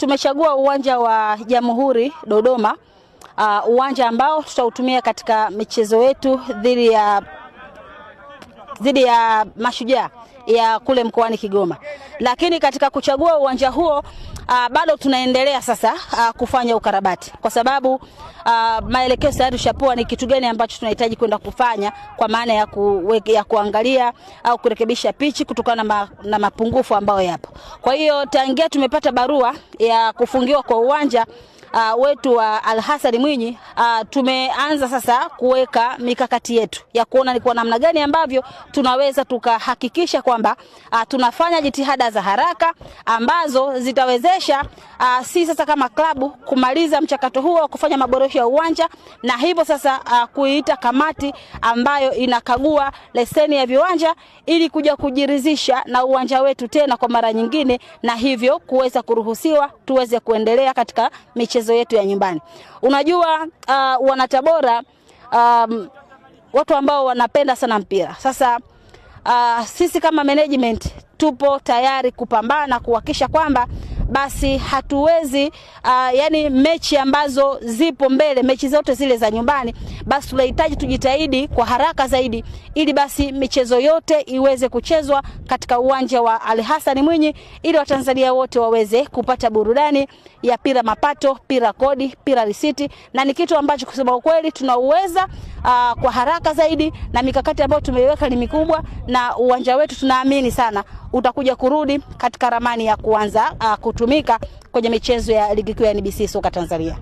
Tumechagua uwanja wa Jamhuri Dodoma, uh, uwanja ambao tutautumia katika michezo yetu dhidi ya dhidi ya mashujaa ya kule mkoani Kigoma, lakini katika kuchagua uwanja huo uh, bado tunaendelea sasa uh, kufanya ukarabati kwa sababu uh, maelekezo tayari tushapewa ni kitu gani ambacho tunahitaji kwenda kufanya kwa maana ya, ku, ya kuangalia au kurekebisha pichi kutokana ma, na mapungufu ambayo yapo. Kwa hiyo tangia tumepata barua ya kufungiwa kwa uwanja uh, wetu wa uh, Hassan Mwinyi uh, tumeanza sasa kuweka mikakati yetu ya kuona ni kwa namna gani ambavyo tunaweza tukahakikisha kwamba uh, tunafanya jitihada za haraka ambazo zitawezesha uh, si sasa kama klabu kumaliza mchakato huo wa kufanya maboresho ya uwanja na hivyo sasa uh, kuiita kamati ambayo inakagua leseni ya viwanja ili kuja kujiridhisha na uwanja wetu tena kwa mara nyingine, na hivyo kuweza kuruhusiwa tuweze kuendelea katika michezo michezo yetu ya nyumbani. Unajua uh, wanatabora um, watu ambao wanapenda sana mpira. Sasa uh, sisi kama management tupo tayari kupambana kuhakikisha kwamba basi hatuwezi uh, yani mechi ambazo zipo mbele, mechi zote zile za nyumbani, basi tunahitaji tujitahidi kwa haraka zaidi, ili basi michezo yote iweze kuchezwa katika uwanja wa Ali Hassan Mwinyi, ili Watanzania wote waweze kupata burudani ya pira mapato, pira kodi, pira risiti, na ni kitu ambacho kusema ukweli tunauweza uh, kwa haraka zaidi, na mikakati ambayo tumeiweka ni mikubwa, na uwanja wetu tunaamini sana utakuja kurudi katika ramani ya kuanza uh, kutumika kwenye michezo ya ligi kuu ya NBC soka Tanzania.